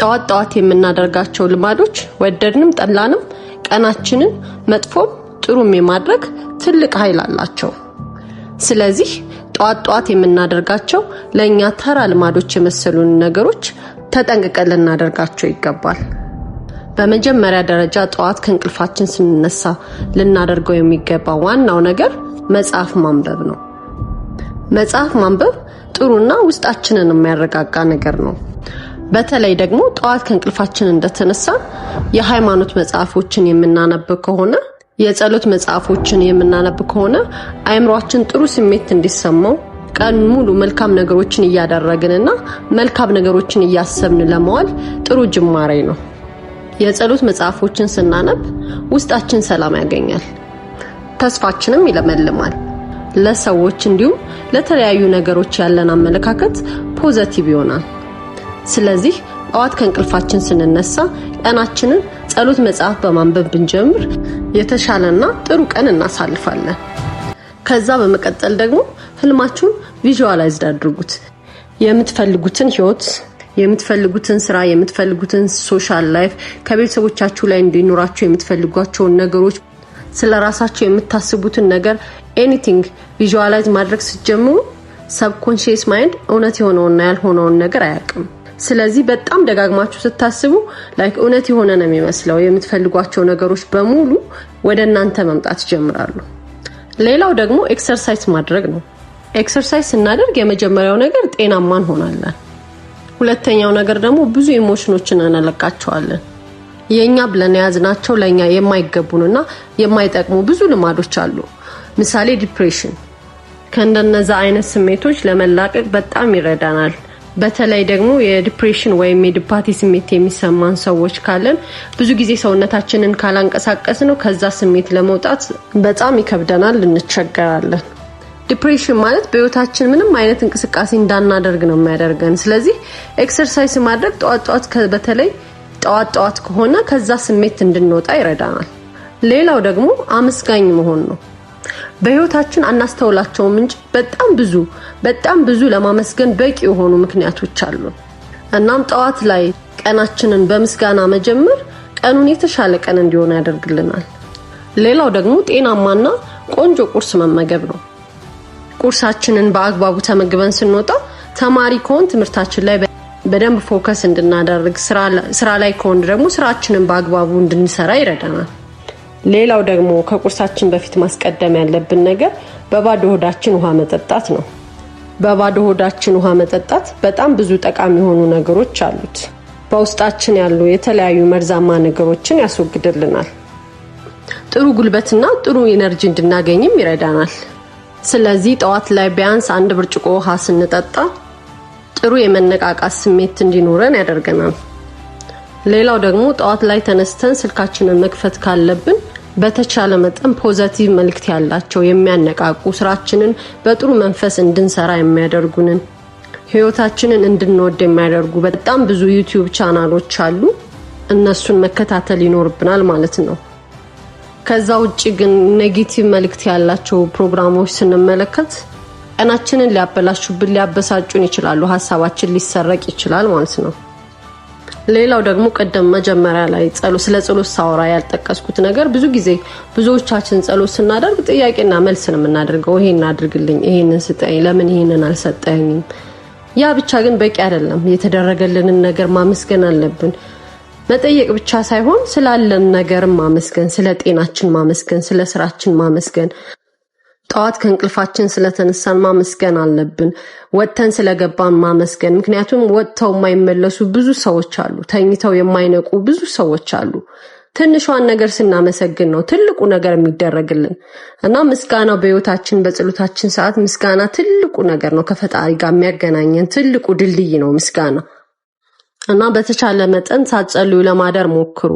ጠዋት ጠዋት የምናደርጋቸው ልማዶች ወደድንም ጠላንም ቀናችንን መጥፎም ጥሩም የማድረግ ትልቅ ኃይል አላቸው። ስለዚህ ጠዋት ጠዋት የምናደርጋቸው ለእኛ ተራ ልማዶች የመሰሉን ነገሮች ተጠንቅቀን ልናደርጋቸው ይገባል። በመጀመሪያ ደረጃ ጠዋት ከእንቅልፋችን ስንነሳ ልናደርገው የሚገባ ዋናው ነገር መጽሐፍ ማንበብ ነው። መጽሐፍ ማንበብ ጥሩና ውስጣችንን የሚያረጋጋ ነገር ነው። በተለይ ደግሞ ጠዋት ከእንቅልፋችን እንደተነሳ የሃይማኖት መጽሐፎችን የምናነብ ከሆነ የጸሎት መጽሐፎችን የምናነብ ከሆነ አእምሯችን ጥሩ ስሜት እንዲሰማው ቀን ሙሉ መልካም ነገሮችን እያደረግንና መልካም ነገሮችን እያሰብን ለመዋል ጥሩ ጅማሬ ነው። የጸሎት መጽሐፎችን ስናነብ ውስጣችን ሰላም ያገኛል፣ ተስፋችንም ይለመልማል። ለሰዎች እንዲሁም ለተለያዩ ነገሮች ያለን አመለካከት ፖዘቲቭ ይሆናል። ስለዚህ ጠዋት ከእንቅልፋችን ስንነሳ ቀናችንን ጸሎት መጽሐፍ በማንበብ ብንጀምር የተሻለና ጥሩ ቀን እናሳልፋለን። ከዛ በመቀጠል ደግሞ ህልማችሁን ቪዥዋላይዝድ አድርጉት። የምትፈልጉትን ህይወት፣ የምትፈልጉትን ስራ፣ የምትፈልጉትን ሶሻል ላይፍ ከቤተሰቦቻችሁ ላይ እንዲኖራቸው የምትፈልጓቸውን ነገሮች፣ ስለ ራሳቸው የምታስቡትን ነገር ኤኒቲንግ ቪዥዋላይዝ ማድረግ ስትጀምሩ ሰብኮንሽስ ማይንድ እውነት የሆነውና ያልሆነውን ነገር አያውቅም። ስለዚህ በጣም ደጋግማችሁ ስታስቡ ላይክ እውነት የሆነ ነው የሚመስለው። የምትፈልጓቸው ነገሮች በሙሉ ወደ እናንተ መምጣት ይጀምራሉ። ሌላው ደግሞ ኤክሰርሳይዝ ማድረግ ነው። ኤክሰርሳይዝ ስናደርግ የመጀመሪያው ነገር ጤናማ እንሆናለን። ሁለተኛው ነገር ደግሞ ብዙ ኢሞሽኖችን እንለቃቸዋለን። የእኛ ብለን የያዝናቸው ለእኛ የማይገቡንና የማይጠቅሙ ብዙ ልማዶች አሉ። ምሳሌ ዲፕሬሽን። ከእንደነዛ አይነት ስሜቶች ለመላቀቅ በጣም ይረዳናል። በተለይ ደግሞ የዲፕሬሽን ወይም የድባቴ ስሜት የሚሰማን ሰዎች ካለን ብዙ ጊዜ ሰውነታችንን ካላንቀሳቀስ ነው ከዛ ስሜት ለመውጣት በጣም ይከብደናል፣ እንቸገራለን። ዲፕሬሽን ማለት በህይወታችን ምንም አይነት እንቅስቃሴ እንዳናደርግ ነው የሚያደርገን። ስለዚህ ኤክሰርሳይስ ማድረግ ጠዋት ጠዋት በተለይ ጠዋት ጠዋት ከሆነ ከዛ ስሜት እንድንወጣ ይረዳናል። ሌላው ደግሞ አመስጋኝ መሆን ነው። በህይወታችን አናስተውላቸውም እንጂ በጣም ብዙ በጣም ብዙ ለማመስገን በቂ የሆኑ ምክንያቶች አሉ። እናም ጠዋት ላይ ቀናችንን በምስጋና መጀመር ቀኑን የተሻለ ቀን እንዲሆን ያደርግልናል። ሌላው ደግሞ ጤናማና ቆንጆ ቁርስ መመገብ ነው። ቁርሳችንን በአግባቡ ተመግበን ስንወጣ፣ ተማሪ ከሆን ትምህርታችን ላይ በደንብ ፎከስ እንድናደርግ፣ ስራ ላይ ከሆን ደግሞ ስራችንን በአግባቡ እንድንሰራ ይረዳናል። ሌላው ደግሞ ከቁርሳችን በፊት ማስቀደም ያለብን ነገር በባዶ ሆዳችን ውሃ መጠጣት ነው። በባዶ ሆዳችን ውሃ መጠጣት በጣም ብዙ ጠቃሚ የሆኑ ነገሮች አሉት። በውስጣችን ያሉ የተለያዩ መርዛማ ነገሮችን ያስወግድልናል። ጥሩ ጉልበትና ጥሩ ኢነርጂ እንድናገኝም ይረዳናል። ስለዚህ ጠዋት ላይ ቢያንስ አንድ ብርጭቆ ውሃ ስንጠጣ ጥሩ የመነቃቃት ስሜት እንዲኖረን ያደርገናል። ሌላው ደግሞ ጠዋት ላይ ተነስተን ስልካችንን መክፈት ካለብን በተቻለ መጠን ፖዘቲቭ መልእክት ያላቸው የሚያነቃቁ ስራችንን በጥሩ መንፈስ እንድንሰራ የሚያደርጉንን ህይወታችንን እንድንወድ የሚያደርጉ በጣም ብዙ ዩቲዩብ ቻናሎች አሉ። እነሱን መከታተል ይኖርብናል ማለት ነው። ከዛ ውጭ ግን ኔጌቲቭ መልእክት ያላቸው ፕሮግራሞች ስንመለከት ቀናችንን ሊያበላሹብን፣ ሊያበሳጩን ይችላሉ። ሀሳባችን ሊሰረቅ ይችላል ማለት ነው። ሌላው ደግሞ ቅድም መጀመሪያ ላይ ስለ ጸሎት ሳወራ ያልጠቀስኩት ነገር ብዙ ጊዜ ብዙዎቻችን ጸሎት ስናደርግ ጥያቄና መልስ ነው የምናደርገው። ይሄን አድርግልኝ፣ ይሄንን ስጠኝ፣ ለምን ይሄንን አልሰጠኝም? ያ ብቻ ግን በቂ አይደለም። የተደረገልንን ነገር ማመስገን አለብን። መጠየቅ ብቻ ሳይሆን ስላለን ነገር ማመስገን፣ ስለ ጤናችን ማመስገን፣ ስለ ስራችን ማመስገን፣ ጠዋት ከእንቅልፋችን ስለተነሳን ማመስገን አለብን። ወጥተን ስለገባን ማመስገን። ምክንያቱም ወጥተው የማይመለሱ ብዙ ሰዎች አሉ። ተኝተው የማይነቁ ብዙ ሰዎች አሉ። ትንሿን ነገር ስናመሰግን ነው ትልቁ ነገር የሚደረግልን እና ምስጋና በህይወታችን በጸሎታችን ሰዓት ምስጋና ትልቁ ነገር ነው። ከፈጣሪ ጋር የሚያገናኘን ትልቁ ድልድይ ነው ምስጋና እና በተቻለ መጠን ሳትጸልዩ ለማደር ሞክሩ።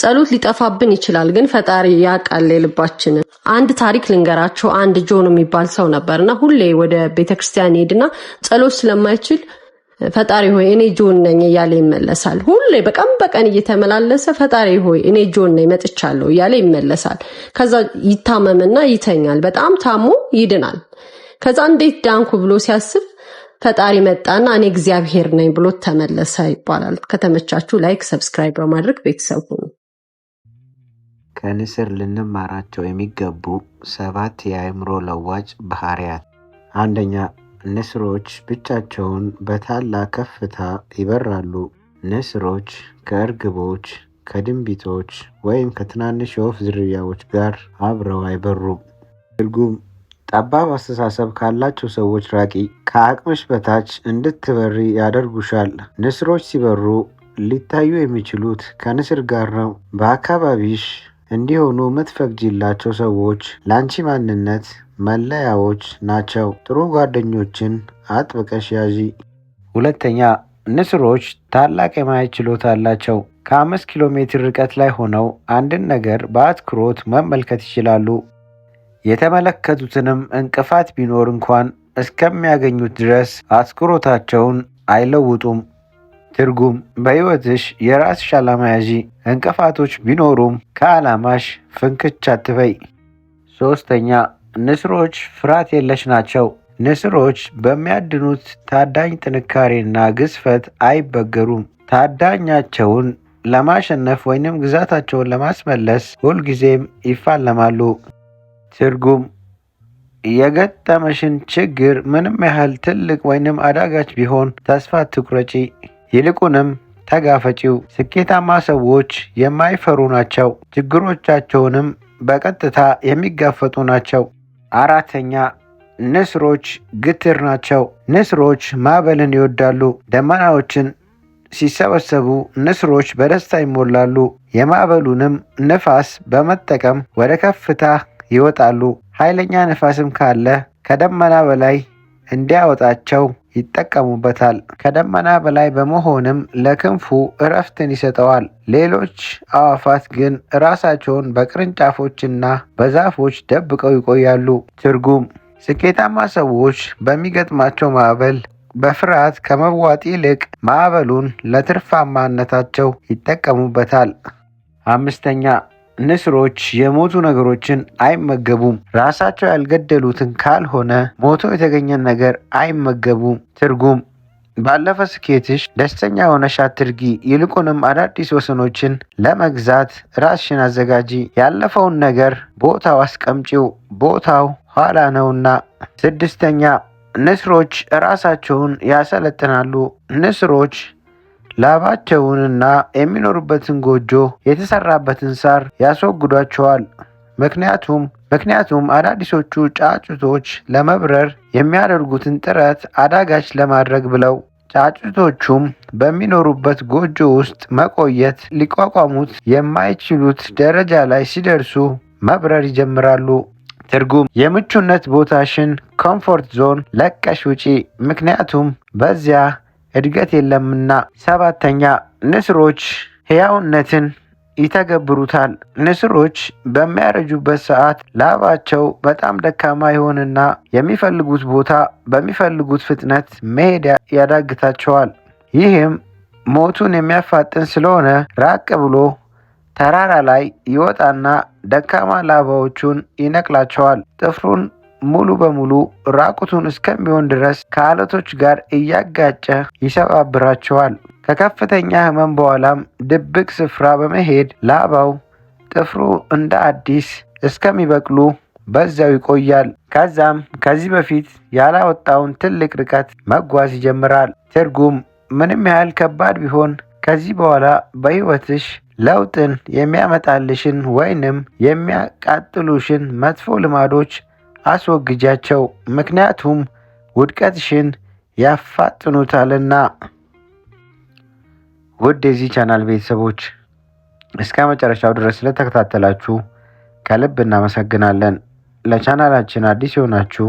ጸሎት ሊጠፋብን ይችላል፣ ግን ፈጣሪ ያውቃል የልባችንን። አንድ ታሪክ ልንገራቸው። አንድ ጆን የሚባል ሰው ነበርና ሁሌ ወደ ቤተ ክርስቲያን ይሄድና ጸሎት ስለማይችል ፈጣሪ ሆይ እኔ ጆን ነኝ እያለ ይመለሳል። ሁሌ በቀን በቀን እየተመላለሰ ፈጣሪ ሆይ እኔ ጆን ነኝ መጥቻለሁ እያለ ይመለሳል። ከዛ ይታመምና ይተኛል። በጣም ታሞ ይድናል። ከዛ እንዴት ዳንኩ ብሎ ሲያስብ ፈጣሪ መጣና እኔ እግዚአብሔር ነኝ ብሎ ተመለሰ ይባላል። ከተመቻችሁ ላይክ፣ ሰብስክራይብ በማድረግ ቤተሰብ ሁኑ። ከንስር ልንማራቸው የሚገቡ ሰባት የአእምሮ ለዋጭ ባህሪያት። አንደኛ፣ ንስሮች ብቻቸውን በታላቅ ከፍታ ይበራሉ። ንስሮች ከእርግቦች፣ ከድንቢቶች ወይም ከትናንሽ የወፍ ዝርያዎች ጋር አብረው አይበሩም። ትርጉም ጠባብ አስተሳሰብ ካላቸው ሰዎች ራቂ፣ ከአቅምሽ በታች እንድትበሪ ያደርጉሻል። ንስሮች ሲበሩ ሊታዩ የሚችሉት ከንስር ጋር ነው። በአካባቢሽ እንዲሆኑ የምትፈቅጂላቸው ሰዎች ለአንቺ ማንነት መለያዎች ናቸው። ጥሩ ጓደኞችን አጥብቀሽ ያዢ። ሁለተኛ ንስሮች ታላቅ የማየት ችሎታ አላቸው። ከአምስት ኪሎ ሜትር ርቀት ላይ ሆነው አንድን ነገር በአትኩሮት መመልከት ይችላሉ። የተመለከቱትንም እንቅፋት ቢኖር እንኳን እስከሚያገኙት ድረስ አትኩሮታቸውን አይለውጡም። ትርጉም በሕይወትሽ የራስሽ ዓላማ ያዢ። እንቅፋቶች ቢኖሩም ከዓላማሽ ፍንክች አትበይ። ሶስተኛ ንስሮች ፍርሃት የለሽ ናቸው። ንስሮች በሚያድኑት ታዳኝ ጥንካሬና ግዝፈት አይበገሩም። ታዳኛቸውን ለማሸነፍ ወይንም ግዛታቸውን ለማስመለስ ሁልጊዜም ይፋለማሉ። ትርጉም የገጠመሽን ችግር ምንም ያህል ትልቅ ወይንም አዳጋች ቢሆን ተስፋ ትቁረጪ። ይልቁንም ተጋፈጪው። ስኬታማ ሰዎች የማይፈሩ ናቸው፣ ችግሮቻቸውንም በቀጥታ የሚጋፈጡ ናቸው። አራተኛ ንስሮች ግትር ናቸው። ንስሮች ማዕበልን ይወዳሉ። ደመናዎችን ሲሰበሰቡ ንስሮች በደስታ ይሞላሉ። የማዕበሉንም ንፋስ በመጠቀም ወደ ከፍታ ይወጣሉ። ኃይለኛ ንፋስም ካለ ከደመና በላይ እንዲያወጣቸው ይጠቀሙበታል። ከደመና በላይ በመሆንም ለክንፉ እረፍትን ይሰጠዋል። ሌሎች አዋፋት ግን ራሳቸውን በቅርንጫፎችና በዛፎች ደብቀው ይቆያሉ። ትርጉም ስኬታማ ሰዎች በሚገጥማቸው ማዕበል በፍርሃት ከመዋጥ ይልቅ ማዕበሉን ለትርፋማነታቸው ይጠቀሙበታል። አምስተኛ ንስሮች የሞቱ ነገሮችን አይመገቡም። ራሳቸው ያልገደሉትን ካልሆነ ሞቶ የተገኘን ነገር አይመገቡም። ትርጉም ባለፈ ስኬትሽ ደስተኛ የሆነሽ አትርጊ፣ ይልቁንም አዳዲስ ወሰኖችን ለመግዛት ራስሽን አዘጋጂ። ያለፈውን ነገር ቦታው አስቀምጪው፣ ቦታው ኋላ ነውና። ስድስተኛ ንስሮች ራሳቸውን ያሰለጥናሉ። ንስሮች ላባቸውንና የሚኖሩበትን ጎጆ የተሰራበትን ሳር ያስወግዷቸዋል። ምክንያቱም ምክንያቱም አዳዲሶቹ ጫጩቶች ለመብረር የሚያደርጉትን ጥረት አዳጋች ለማድረግ ብለው ጫጩቶቹም በሚኖሩበት ጎጆ ውስጥ መቆየት ሊቋቋሙት የማይችሉት ደረጃ ላይ ሲደርሱ መብረር ይጀምራሉ። ትርጉም የምቹነት ቦታሽን ኮምፎርት ዞን ለቀሽ ውጪ፣ ምክንያቱም በዚያ እድገት የለምና። ሰባተኛ ንስሮች ሕያውነትን ይተገብሩታል። ንስሮች በሚያረጁበት ሰዓት ላባቸው በጣም ደካማ ይሆንና የሚፈልጉት ቦታ በሚፈልጉት ፍጥነት መሄድ ያዳግታቸዋል። ይህም ሞቱን የሚያፋጥን ስለሆነ ራቅ ብሎ ተራራ ላይ ይወጣና ደካማ ላባዎቹን ይነቅላቸዋል። ጥፍሩን ሙሉ በሙሉ ራቁቱን እስከሚሆን ድረስ ከአለቶች ጋር እያጋጨ ይሰባብራቸዋል። ከከፍተኛ ህመም በኋላም ድብቅ ስፍራ በመሄድ ላባው ጥፍሩ እንደ አዲስ እስከሚበቅሉ በዛው ይቆያል። ከዛም ከዚህ በፊት ያላወጣውን ትልቅ ርቀት መጓዝ ይጀምራል። ትርጉም ምንም ያህል ከባድ ቢሆን ከዚህ በኋላ በሕይወትሽ ለውጥን የሚያመጣልሽን ወይንም የሚያቃጥሉሽን መጥፎ ልማዶች አስወግጃቸው፣ ምክንያቱም ውድቀትሽን ያፋጥኑታልና። ውድ የዚህ ቻናል ቤተሰቦች እስከ መጨረሻው ድረስ ስለተከታተላችሁ ከልብ እናመሰግናለን። ለቻናላችን አዲስ የሆናችሁ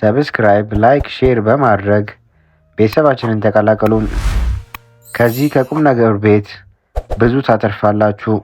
ሰብስክራይብ፣ ላይክ፣ ሼር በማድረግ ቤተሰባችንን ተቀላቀሉን። ከዚህ ከቁም ነገር ቤት ብዙ ታተርፋላችሁ።